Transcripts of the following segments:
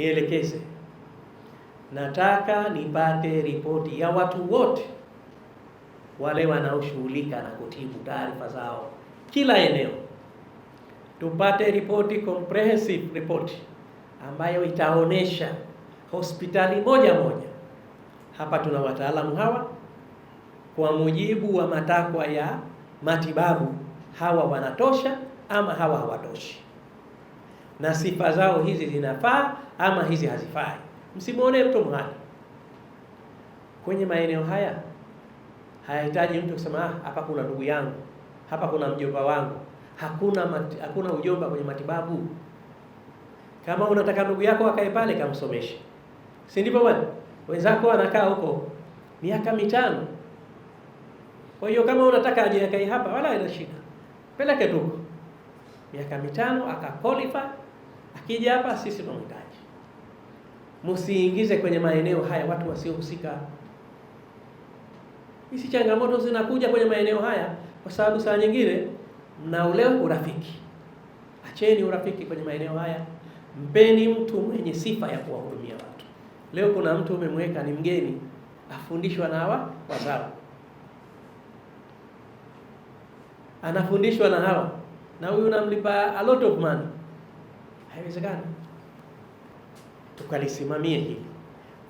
nielekeze, nataka nipate ripoti ya watu wote wale wanaoshughulika na kutibu taarifa zao kila eneo, tupate ripoti, comprehensive report ambayo itaonesha hospitali moja moja, hapa tuna wataalamu hawa, kwa mujibu wa matakwa ya matibabu, hawa wanatosha ama hawa hawatoshi na sifa zao hizi zinafaa ama hizi hazifai. Msimwonee mtu mwali kwenye maeneo haya. Hayahitaji mtu kusema ah, hapa kuna ndugu yangu, hapa kuna mjomba wangu. Hakuna mati, hakuna ujomba kwenye matibabu. Kama unataka ndugu yako akae pale, kamsomeshe, si ndivyo bwana? Wenzako wanakaa huko miaka mitano. Kwa hiyo kama unataka aje akae hapa, wala ina shida, peleke tu miaka mitano akaqualify Akija hapa sisi tunamhitaji. Msiingize kwenye maeneo haya watu wasiohusika. Hizi changamoto zinakuja kwenye maeneo haya kwa sababu saa nyingine mna urafiki. Acheni urafiki kwenye maeneo haya, mpeni mtu mwenye sifa ya kuwahudumia watu. Leo kuna mtu umemweka ni mgeni, afundishwa na hawa wazao, anafundishwa na hawa, na huyu namlipa a lot of money Haiwezekani. Tukalisimamie hili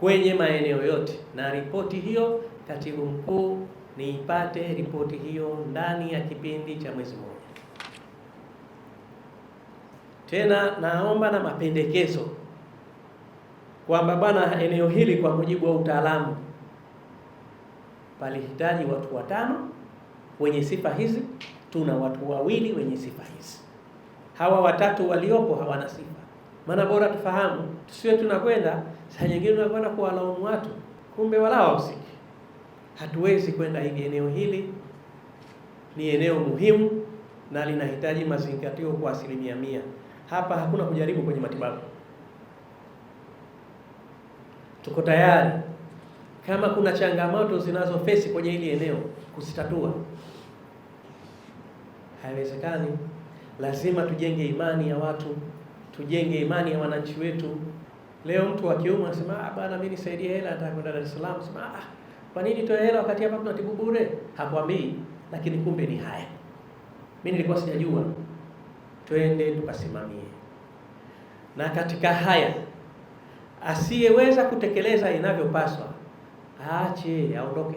kwenye maeneo yote, na ripoti hiyo katibu mkuu niipate ripoti hiyo ndani ya kipindi cha mwezi mmoja. Tena naomba na mapendekezo kwamba bwana, eneo hili kwa mujibu wa utaalamu palihitaji watu watano wenye sifa hizi, tuna watu wawili wenye sifa hizi hawa watatu waliopo hawana sifa. Maana bora tufahamu, tusiwe tunakwenda saa nyingine tunakwenda kuwalaumu watu, kumbe wala hawahusiki. Hatuwezi kwenda hivi. Eneo hili ni eneo muhimu na linahitaji mazingatio kwa asilimia mia. Hapa hakuna kujaribu kwenye matibabu. Tuko tayari kama kuna changamoto zinazofesi kwenye hili eneo kuzitatua, haiwezekani lazima tujenge imani ya watu, tujenge imani ya wananchi wetu. Leo mtu wa kiume anasema ah, bana mimi nisaidie hela, nataka kwenda Dar es Salaam. Sema ah, kwa nini toa hela wakati hapa tunatibu bure? Hakwambii, lakini kumbe ni haya. Mimi nilikuwa sijajua. Twende tukasimamie. Na katika haya asiyeweza kutekeleza inavyopaswa aache, aondoke.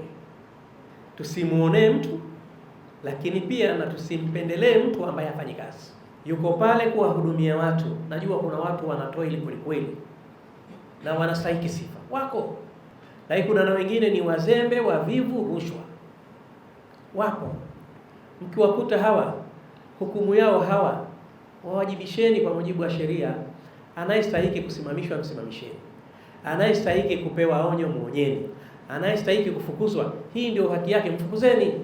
Tusimuonee mtu lakini pia na tusimpendelee mtu ambaye hafanyi kazi, yuko pale kuwahudumia watu. Najua kuna watu wanatoa kweli kwelikweli na wanastahiki sifa, wako lakini kuna na wengine ni wazembe, wavivu, rushwa, wapo. Mkiwakuta hawa, hukumu yao hawa, wawajibisheni kwa mujibu wa sheria. Anayestahiki kusimamishwa msimamisheni, anayestahiki kupewa onyo muonyeni, anayestahiki kufukuzwa, hii ndio haki yake, mfukuzeni.